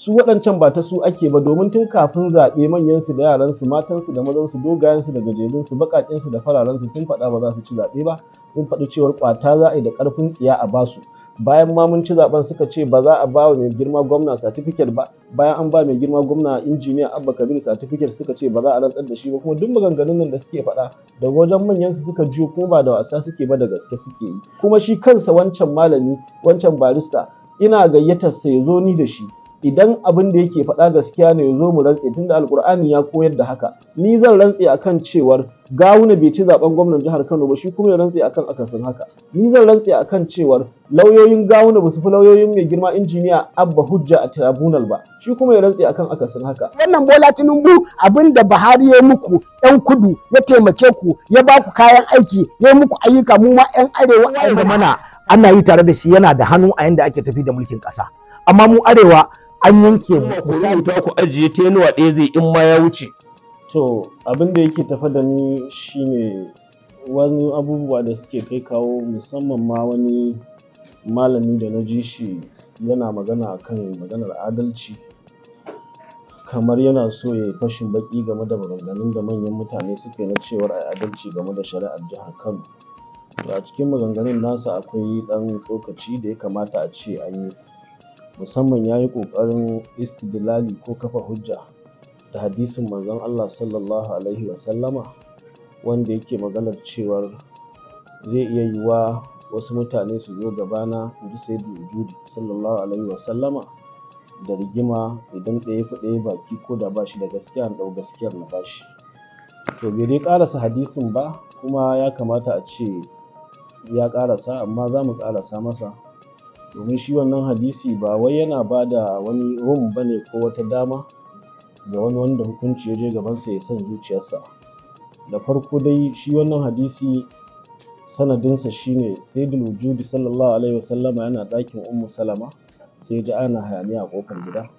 su waɗancan ba ta su ake ba domin tun kafin zaɓe manyansu da yaransu matansu da mazansu dogayensu da su, gajerunsu su da fararen su, sun faɗa ba za su ci zaɓe ba sun faɗi cewar ƙwata za a yi da ƙarfin tsiya a ba su, bayan ma mun ci zaben suka ce ba za a ba wa mai girma gwamna certificate ba bayan an ba mai girma gwamna injiniya abba kabir certificate suka ce ba za a rantsar da shi ba kuma duk maganganun nan da suke faɗa da wajen manyan su suka jiyo kuma ba da wasa suke ba da gaske suke yi kuma shi kansa wancan malami wancan barista ina gayyatar sa ya zo ni da shi idan abin da yake faɗa gaskiya ne ya zo mu rantse da alkur'ani ya koyar da haka ni zan rantse akan cewar gawuna bai ci zaben gwamnan jihar Kano ba shi kuma ya rantse akan akasin haka ni zan rantse akan cewar lauyoyin gawuna ba su fi lauyoyin mai girma injiniya Abba Hujja a tribunal ba shi kuma ya rantse akan akasin haka wannan Bola Tinubu abin da Buhari ya muku 'yan kudu ya taimake ku ya ba ku kayan aiki ya muku ayyuka mu ma 'yan arewa ai mana ana yi tare da shi yana da hannu a yanda ake tafi da mulkin ƙasa amma mu arewa an yanke misali ta ku ajiye tenuwa ɗaya zai in ma ya wuce to abin da yake tafa da ni shine wani abubuwa da suke kai kawo musamman ma wani malami da na ji shi yana magana akan maganar adalci kamar yana so ya yi fashin baki game da maganganun da manyan mutane suke na cewar ai adalci game da shari'ar jihar kano to a cikin maganganun nasa akwai ɗan tsokaci da ya kamata a ce an yi musamman ya yi ƙoƙarin istidlali ko kafa hujja da hadisin manzon Allah sallallahu alaihi wasallama wanda yake maganar cewar zai iya yiwuwa wasu mutane su zo gabana in ji sayyidul wujudi sallallahu alaihi wasallama da rigima idan ɗaya fi ɗaya baki ko da bashi da gaskiya in ɗau gaskiyar na bashi to bai dai ƙarasa hadisin ba kuma ya kamata a ce ya ƙarasa amma za mu ƙarasa masa domin shi wannan hadisi ba wai yana ba da wani rum ba ne ko wata dama ga wani wanda hukunci ya je gabansa ya san zuciyarsa da farko dai shi wannan hadisi sanadinsa shine sayyidul wujudi sallallahu alaihi wasallama yana ɗakin ummu salama sai ya ji ana hayaniya a ƙofar gida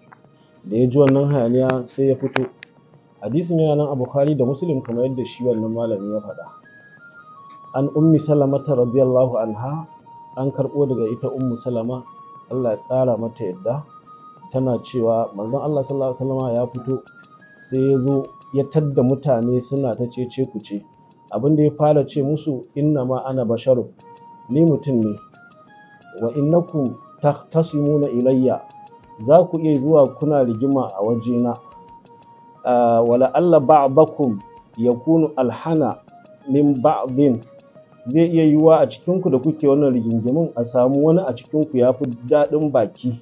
da ya ji wannan hayaniya sai ya fito hadisin yana nan a bukhari da muslim kamar yadda shi wannan malami ya faɗa an ummi salamata radiyallahu anha an karɓo daga ita ummu salama Allah ya ƙara mata yadda tana cewa manzon Allah sallallahu alaihi wasallam ya fito sai ya zo ya tadda mutane suna ta ce, cece kuce abin da ya fara ce musu inna ma ana basharun ni mutum ne wa innakum na ilayya za ku iya zuwa kuna rigima a waje wajena ah, wala allah ba'dakum yakunu alhana min ba'din zai iya yiwuwa a cikinku da kuke wannan rigingimin a samu wani a cikinku ya fi daɗin baki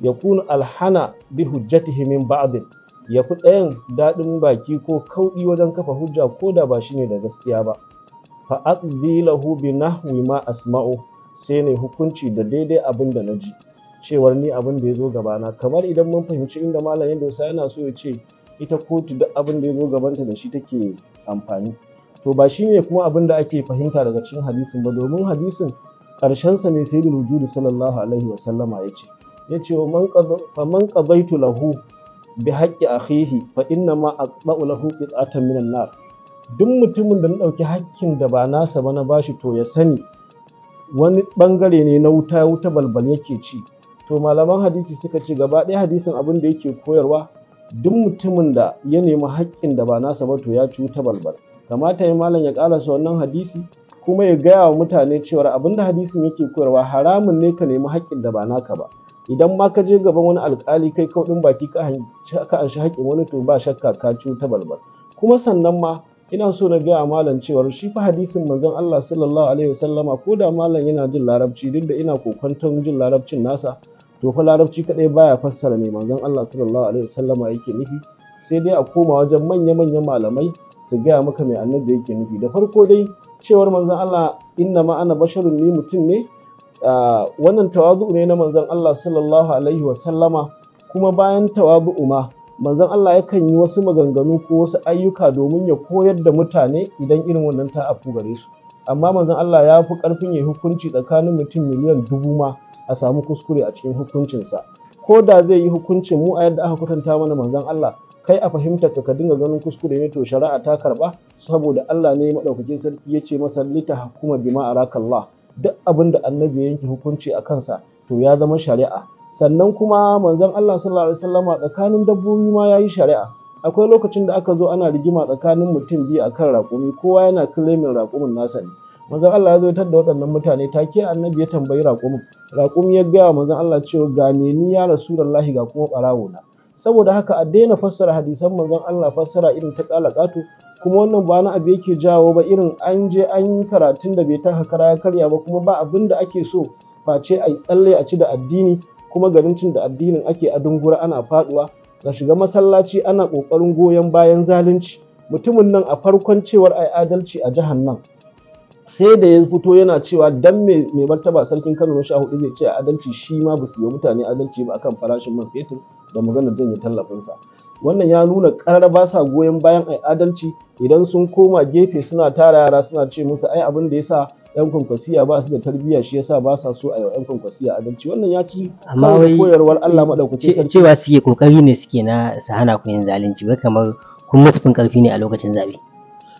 ya kuna alhana bi hujjatihi min ba'din ya fi ɗayan daɗin baki ko kauɗi wajen kafa hujja ko da ba shi ne da gaskiya ba fa aqdi bi nahwi ma asma'u sai ne hukunci da daidai abin da na ji cewar ni abin da ya zo gabana kamar idan mun fahimci inda malamin ya dosa yana so ya ce ita kotu duk abin da ya zo gabanta da shi take amfani to ba shi ne kuma abin da ake fahimta daga cikin hadisin ba domin hadisin ƙarshensa ne sai da sallallahu alaihi wa sallama ya ce ya ce fa man qadaitu lahu bi haqqi akhihi fa inna ma aqba'u lahu qit'atan minan nar duk mutumin da na ɗauki hakkin da ba nasa ba na bashi to ya sani wani bangare ne na wuta wuta balbal yake ci to malaman hadisi suka ce gaba ɗaya hadisin abin da yake koyarwa duk mutumin da ya nemi haƙƙin da ba nasa ba to ya ci wuta balbal kamata ya malam ya ƙarasa wannan hadisi kuma ya gaya wa mutane cewar abinda hadisin yake koyarwa haramun ne ka nemi haƙƙin da ba naka ba idan ma ka je gaban wani alƙali kai ɗin baki ka anshi haƙƙin wani to ba shakka ka ta balbal kuma sannan ma ina so na gaya malam cewa shi fa hadisin manzon Allah sallallahu alaihi wasallama ko da malam yana jin larabci duk da ina kokwanton jin larabcin nasa to fa larabci kadai baya fassara ne manzon Allah sallallahu alaihi wasallama yake nufi sai dai a koma wajen manya-manyan malamai su gaya maka mai annabi yake nufi da farko dai cewar manzon Allah inna ma ana basharun ni mutum ne wannan tawazu'u ne na manzon Allah sallallahu alaihi wa kuma bayan tawazu'u ma manzon Allah yakan yi wasu maganganu ko wasu ayyuka domin ya koyar da mutane idan irin wannan ta afu gare su amma manzon Allah ya fi karfin ya hukunci tsakanin mutum miliyan dubu ma a samu kuskure a cikin hukuncinsa ko da zai yi hukuncin mu a yadda aka kwatanta mana manzon Allah kai a fahimtar ka dinga ganin kuskure ne to shari'a ta karba saboda Allah ne madaukakin sarki ya ce masa lita hukuma bima arakallah duk abin da annabi ya yanke hukunci a kansa to ya zama shari'a sannan kuma manzon Allah sallallahu alaihi wasallama tsakanin dabbobi ma yayi shari'a akwai lokacin da aka zo ana rigima tsakanin mutum biyu akan raƙumi kowa yana kilemin raƙumin nasa ne manzon Allah ya zo da waɗannan mutane take annabi ya tambayi raƙumin raƙumi ya gaya manzon Allah cewa ga meni ya rasulullahi ga kuma ɓarawo na saboda haka a daina fassara hadisan manzon Allah fassara irin ta kalakatu kuma wannan ba na abu yake jawo ba irin an je an yi karatun da bai ta hakara ya karya ba kuma ba abin da ake so ba ce a yi tsalle a ci da addini kuma garin cin da addinin ake a dungura ana faduwa ga shiga masallaci ana kokarin goyon bayan zalunci mutumin nan a farkon cewar ai adalci a jihar nan sai da ya fito yana cewa dan mai martaba sarkin Kano na hudu zai ce adalci shi ma ba su yi mutane adalci ba akan farashin man fetur da magana maganar yi tallafinsa wannan ya nuna karar ba sa goyon bayan ai adalci idan sun koma gefe suna tara yara suna ce musu ai abin da yasa yan kwankwasiya ba su da tarbiyya shi yasa ba sa so a yan kwankwasiya adalci wannan ya ci amma wai koyarwar Allah madaukaki sarki cewa suke kokari ne suke na su hana ku yin zalunci ba kamar kun musu fin karfi ne a lokacin zabe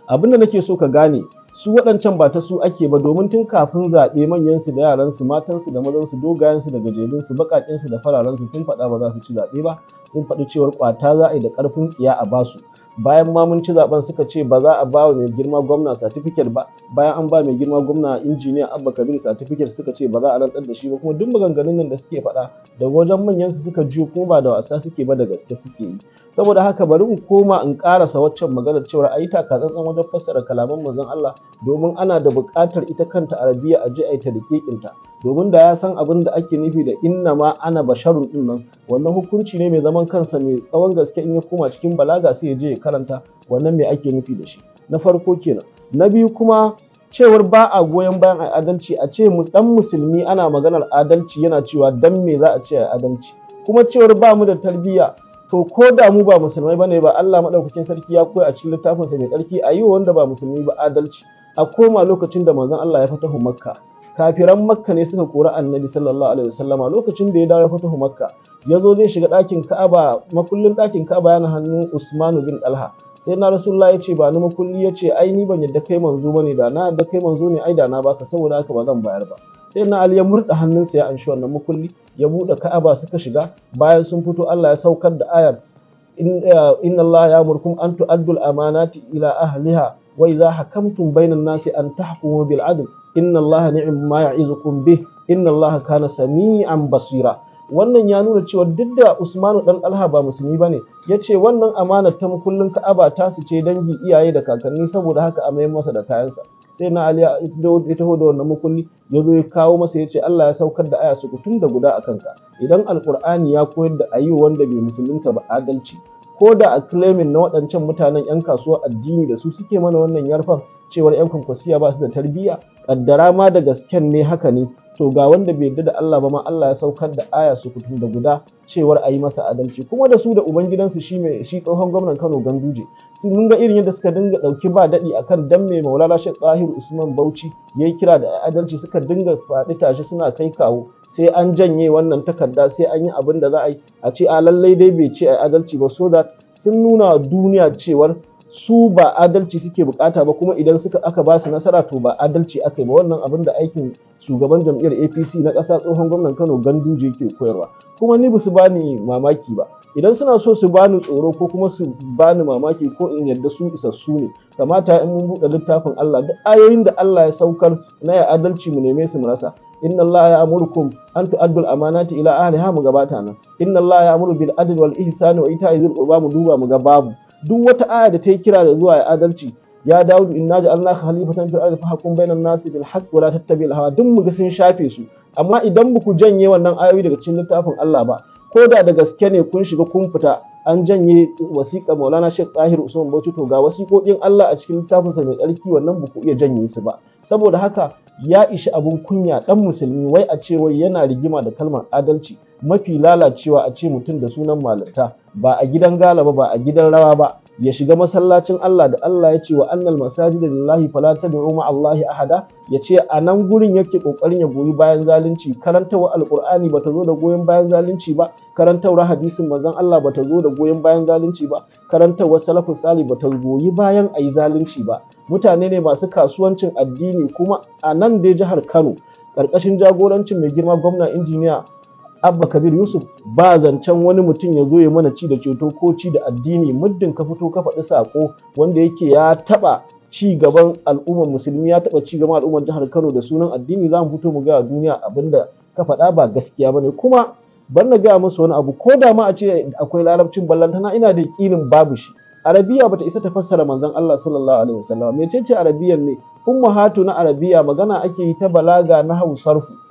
abin da nake so ka gane su waɗancan ba ta su ake ba domin tun kafin zaɓe manyansu da yaransu matansu da mazansu dogayensu da gajerunsu baƙaƙensu da fararen su, sun faɗa ba za su ci zaɓe ba sun faɗi cewar ƙwata za a yi da ƙarfin tsiya a basu bayan ma mun ci zaben suka ce ba za a ba wa mai girma gwamna satifiket ba bayan an ba mai girma gwamna injiniya abba kabir satifiket suka ce ba za a rantsar da shi ba kuma duk maganganun nan da suke faɗa da wajen manyan su suka jiyo kuma ba da wasa suke ba da gaske suke yi saboda haka bari mu koma in karasa waccan maganar cewa ayi taka wajen fassara kalaman manzon Allah domin ana da buƙatar ita kanta arabiya a ji a ta riƙiƙinta domin da ya san abin da ake nufi da inna ma ana basharun ɗin nan wannan hukunci ne mai zaman kansa mai tsawon gaske in ya koma cikin balaga sai ya je ya karanta wannan mai ake nufi da shi na farko kenan na biyu kuma cewar ba a goyon bayan a adalci a ce dan musulmi ana maganar adalci yana cewa dan me za a ce a adalci kuma cewar ba mu da tarbiyya to ko da mu ba musulmai bane ba Allah madaukakin sarki ya koya a cikin littafinsa mai tsarki a yi wanda ba musulmi ba adalci a koma lokacin da manzon Allah ya fatahu makka kafiran makka ne suka kori annabi sallallahu alaihi wasallama lokacin da ya dawo ya fatahu makka ya zo zai shiga ɗakin ka'aba makullin ɗakin ka'aba yana hannun usmanu bin ɗalha sai na rasulullah ya ce ba ni makulli ya ce ai ni ban yadda kai manzo ba ne da na yadda kai manzo ne ai da na baka saboda haka ba zan bayar ba sai na ali ya murɗa hannunsa ya anshi wannan makulli ya buɗe ka'aba suka shiga bayan sun fito allah ya saukar da ayar eh, inna allah ya murkum an tu'addul amanati ila ahliha wa idza hakamtum bainan nasi an tahkumu bil adl inna allaha ma ya'izukum bih inna allaha kana sami'an basira wannan ya nuna cewa duk da Usmanu dan Alha ba musulmi bane yace wannan amana ta kullun Ka'aba ta su ce dangi iyaye da kakanni saboda haka a mai masa da kayansa sai na Ali ya taho da wannan mukulli ya zo ya kawo masa yace Allah ya saukar da aya su kutun da guda akan ka idan alqur'ani ya koyar da ayi wanda bai musulunta ba adalci ko da a claiming na waɗancan mutanen 'yan kasuwar addini da su suke mana wannan yarfan cewar 'yan kwankwasiya ba su da tarbiyya ƙaddara ma da gasken ne haka ne to ga wanda bai yarda da Allah ba ma Allah ya saukar da aya su kutun da guda cewar a yi masa adalci kuma da su da ubangidansu shi mai shi tsohon gwamnan Kano Ganduje Sun mun ga irin yadda suka dinga dauki ba dadi akan dan mai Maulana Sheikh Tahir Usman Bauchi yayi kira da adalci suka dinga fadi tashi suna kai kawo sai an janye wannan takarda sai an yi abin da za a yi a ce a lallai dai bai ce a adalci ba so sun nuna duniya cewar su ba adalci suke bukata ba kuma idan suka aka ba su nasara to ba adalci aka yi ba wannan abin da aikin shugaban jam'iyyar APC na ƙasa tsohon gwamnan Kano Ganduje ke koyarwa kuma ni basu bani mamaki ba idan suna so su bani tsoro ko kuma su bani mamaki ko in yarda su isassu ne kamata in mun buɗe littafin Allah duk ayoyin da Allah ya saukar na ya adalci mu neme su mu rasa inna Allah ya amurkum an tu'addu al-amanati ila ahliha mu gabata nan inna Allah ya amuru bil adli wal ihsani wa ita'i dhil qurba mu duba mu ga babu duk wata aya da ta yi kira da zuwa ya adalci ya daudu inna ja'alnaka khalifatan fil ardi fahkum bainan nasi bil haqq wa la tattabi'il hawa duk ga sun shafe su amma idan ku janye wannan ayoyi daga cikin littafin Allah ba ko da da gaske ne kun shiga kun fita an janye wasiƙa maulana shek tahir usman bauchi to ga wasiƙoƙin allah a cikin littafinsa mai tsarki wannan ba ku iya janye su ba saboda haka ya ishi abun kunya ɗan musulmi wai a ce wai yana rigima da kalmar adalci mafi lalacewa a ce mutum da sunan malata ba a gidan gala ba a gidan rawa ba ya shiga masallacin Allah da Allah ya ce wa annal masajida lillahi fala tad'u ma Allahi ahada ya ce a nan gurin yake kokarin ya goyi bayan zalunci karantawa alqur'ani bata zo da goyon bayan zalunci ba karantawa hadisin manzon Allah bata zo da goyon bayan zalunci ba karantawa salafus salih bata goyi bayan ayi zalunci ba mutane ne masu kasuwancin addini kuma a nan dai jihar Kano karkashin jagorancin mai girma gwamna injiniya abba kabir yusuf ba zancen wani mutum ya zo ya mana ci da ceto ko ci da addini muddin ka fito ka faɗi saƙo wanda yake ya taɓa ci gaban al'ummar musulmi ya taɓa ci gaban al'ummar jihar kano da sunan addini za mu fito mu gaya duniya abinda ka faɗa ba gaskiya bane kuma ban na gaya musu wani abu ko da ma a ce akwai larabcin ballantana ina da ƙirin babu shi arabiya bata isa ta fassara manzon Allah sallallahu alaihi wasallam mecece arabiyan ne ummahatu na arabiya magana ake yi ta balaga na hausarfu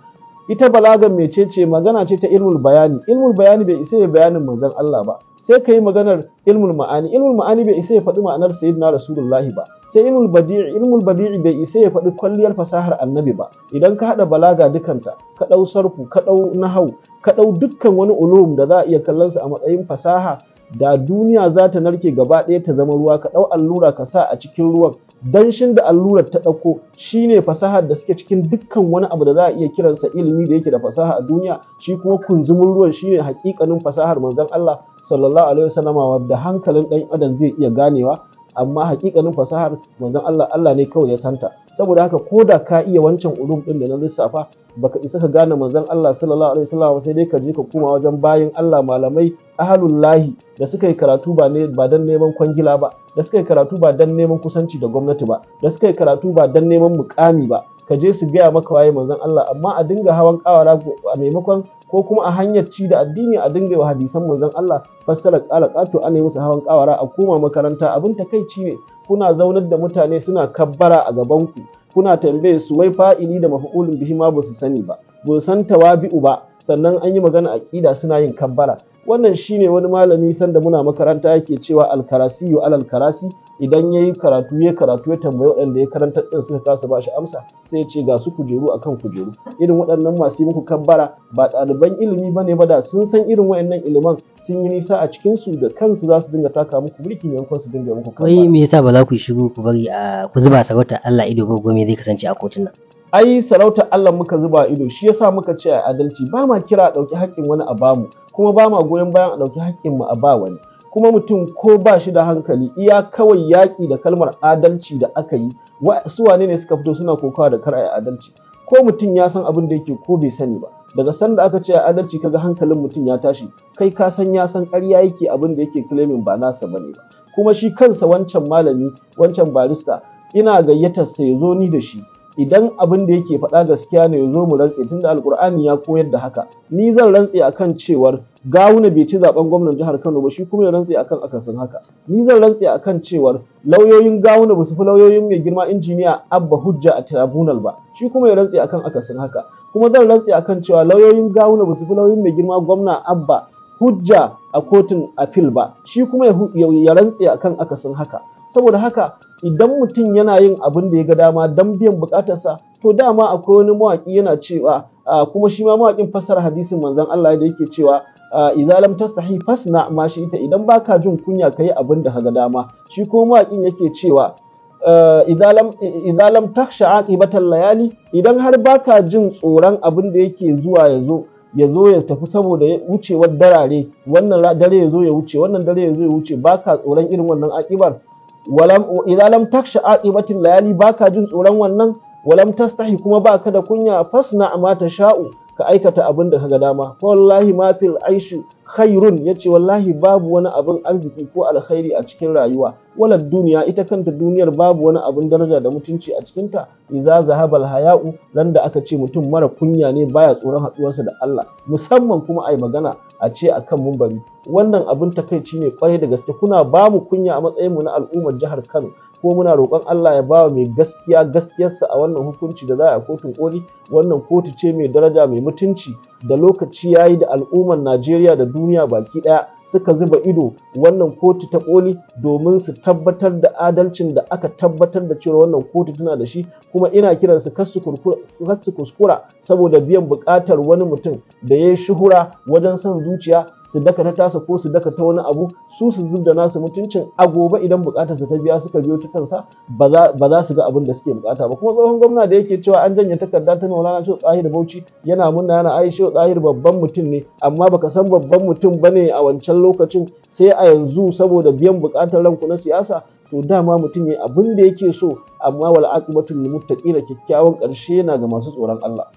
ita balagan mecece magana ce ta ilmul bayani ilmul bayani bai isa ya bayanin manzon Allah ba sai ka yi maganar ilmul ma'ani ilmul ma'ani bai isa ya faɗi ma'anar sayyidina rasulullahi ba sai ilmul badi'i ilmul badi'i bai isa ya faɗi kwalliyar fasahar annabi ba idan ka haɗa balaga dukanta ka ɗau sarfu ka ɗau nahau ka ɗau dukkan wani ulum da za a iya kallon a matsayin fasaha da duniya za ta narke gaba ɗaya ta zama ruwa ka ɗau allura ka sa a cikin ruwan danshin da allurar ta ɗauko shine fasahar da suke cikin dukkan wani abu da za a iya kiransa ilimi da yake da fasaha a duniya shi kuma kunzumin ruwan shine hakikanin fasahar manzon Allah sallallahu alaihi wasallama da hankalin ɗan adam zai iya ganewa amma hakikanin fasahar manzon Allah Allah ne kawai ya santa saboda haka ko da ka iya wancan ulum din da na lissafa baka isa ka gane manzon Allah sallallahu alaihi wasallam sai dai ka je ka koma wajen bayin Allah malamai ahlullahi da suka yi karatu ba ne ba dan neman kwangila ba da suka yi karatu ba dan neman kusanci da gwamnati ba da suka yi karatu ba dan neman mukami ba ka je su gaya maka waye manzon Allah amma a dinga hawan kawara a maimakon ko kuma a hanyar ci da addini a dinga wa hadisan manzon Allah fassarar ƙala ƙato ana yi musu hawan ƙawara a koma makaranta abin takaici ne kuna zaunar da mutane suna kabbara a gaban ku kuna tambaye su wai fa'ili da mafa'ulun bihi ma ba su sani ba ba san tawabi'u ba sannan an yi magana aƙida suna yin kabbara wannan shine wani malami sanda muna makaranta yake cewa alkarasiyu alal karasi idan ya yi karatu ya karatu ya tambayi waɗanda ya karanta ɗin suka kasa ba shi amsa sai ya ce ga su kujeru a kan kujeru irin waɗannan masu yi muku kabbara ba ɗaliban ilimi ba ne ba da sun san irin waɗannan iliman sun yi nisa a cikinsu da kansu za su dinga taka muku mulki maimakon su dinga muku kabbara. wai me yasa ba za ku shigo ku bari a ku zuba sarauta Allah ido ko gome zai kasance a kotun ai sarauta Allah muka zuba ido shi yasa muka ce a adalci ba ma kira a ɗauki haƙƙin wani a bamu kuma ba ma goyon bayan a ɗauki haƙƙin mu a ba wani kuma mutum ko ba shi da hankali iya kawai yaƙi da kalmar adalci da aka yi su wane ne suka fito suna kokawa da kar a adalci ko mutum ya san abin da yake ko bai sani ba daga san da aka ce adalci kaga hankalin mutum ya tashi kai ka san ya san ƙarya yake abin da yake claiming ba nasa bane ba kuma shi kansa wancan malami wancan barista ina gayyatar sa ya zo ni da shi idan abin da yake faɗa gaskiya ne ya zo mu rantse tunda alkur'ani ya koyar da haka ni zan rantse akan cewar gawuna bai ci zaben gwamnan jihar Kano ba shi kuma ya rantse akan akasin haka ni zan rantse akan cewar lauyoyin gawuna ba su fi lauyoyin mai girma injiniya Abba Hujja a tribunal ba shi kuma ya rantse akan akasin haka kuma zan rantse akan cewa lauyoyin gawuna ba su fi lauyoyin mai girma gwamna Abba hujja a kotun appeal ba shi kuma ya rantse akan akasin haka saboda haka idan mutum yana yin abin da ya ga dama don biyan bukatarsa to dama akwai wani mawaƙi yana cewa kuma shi ma mawaƙin fasar hadisin manzon Allah da yake cewa idza lam tastahi fasna ma shi ita idan baka jin kunya kai abin da ga dama shi kuma mawaƙin yake cewa idza lam takhsha aqibatal layali idan har baka jin tsoron abin da yake zuwa ya zo ya zo ya tafi saboda wucewar darare wannan dare ya zo ya wuce wannan dare ya zo ya wuce baka tsoron irin wannan akibar walam idza lam taksha aqibatil layali baka jin tsoron wannan walam tastahi kuma baka da kunya fasna amma ta sha'u ka aikata abin da ga dama wallahi ma fil aishi khairun ya ce wallahi babu wani abin arziki ko alkhairi a cikin rayuwa walar duniya ita kanta duniyar babu wani abin daraja da mutunci a cikinta iza zahabal haya'u nan da aka ce mutum mara kunya ne baya tsoron haɗuwarsa da Allah musamman kuma a yi magana a ce akan mumbari wannan abin takaici ne kwarai da gaske kuna bamu kunya a matsayin mu na al'ummar jihar Kano ko muna roƙon Allah ya bawa mai gaskiya gaskiyarsa a wannan hukunci da za a kotun koli wannan kotu ce mai daraja mai mutunci da lokaci yayi da al'ummar Najeriya da duniya baki ɗaya suka zuba ido wannan kotu ta koli domin su tabbatar da adalcin da aka tabbatar da cewa wannan kotu tana da shi kuma ina kiran su kasu kuskura saboda biyan buƙatar wani mutum da ya yi shuhura wajen son zuciya su daka ta tasa ko su daka ta wani abu su su zub da nasu mutuncin a gobe idan buƙatar su ta biya suka biyo ta kansa ba za su ga abin da suke buƙata ba kuma tsohon gwamna da yake cewa an janye takarda ta maulana cewa tsahir bauchi yana munna yana aisha tsahir babban mutum ne amma baka san babban mutum bane a wancan can lokacin sai a yanzu saboda biyan buƙatar ranku na siyasa to dama mutum ya abin da yake so amma wal aqibatul ta muttaqina kyakkyawan ƙarshe yana ga masu tsoron Allah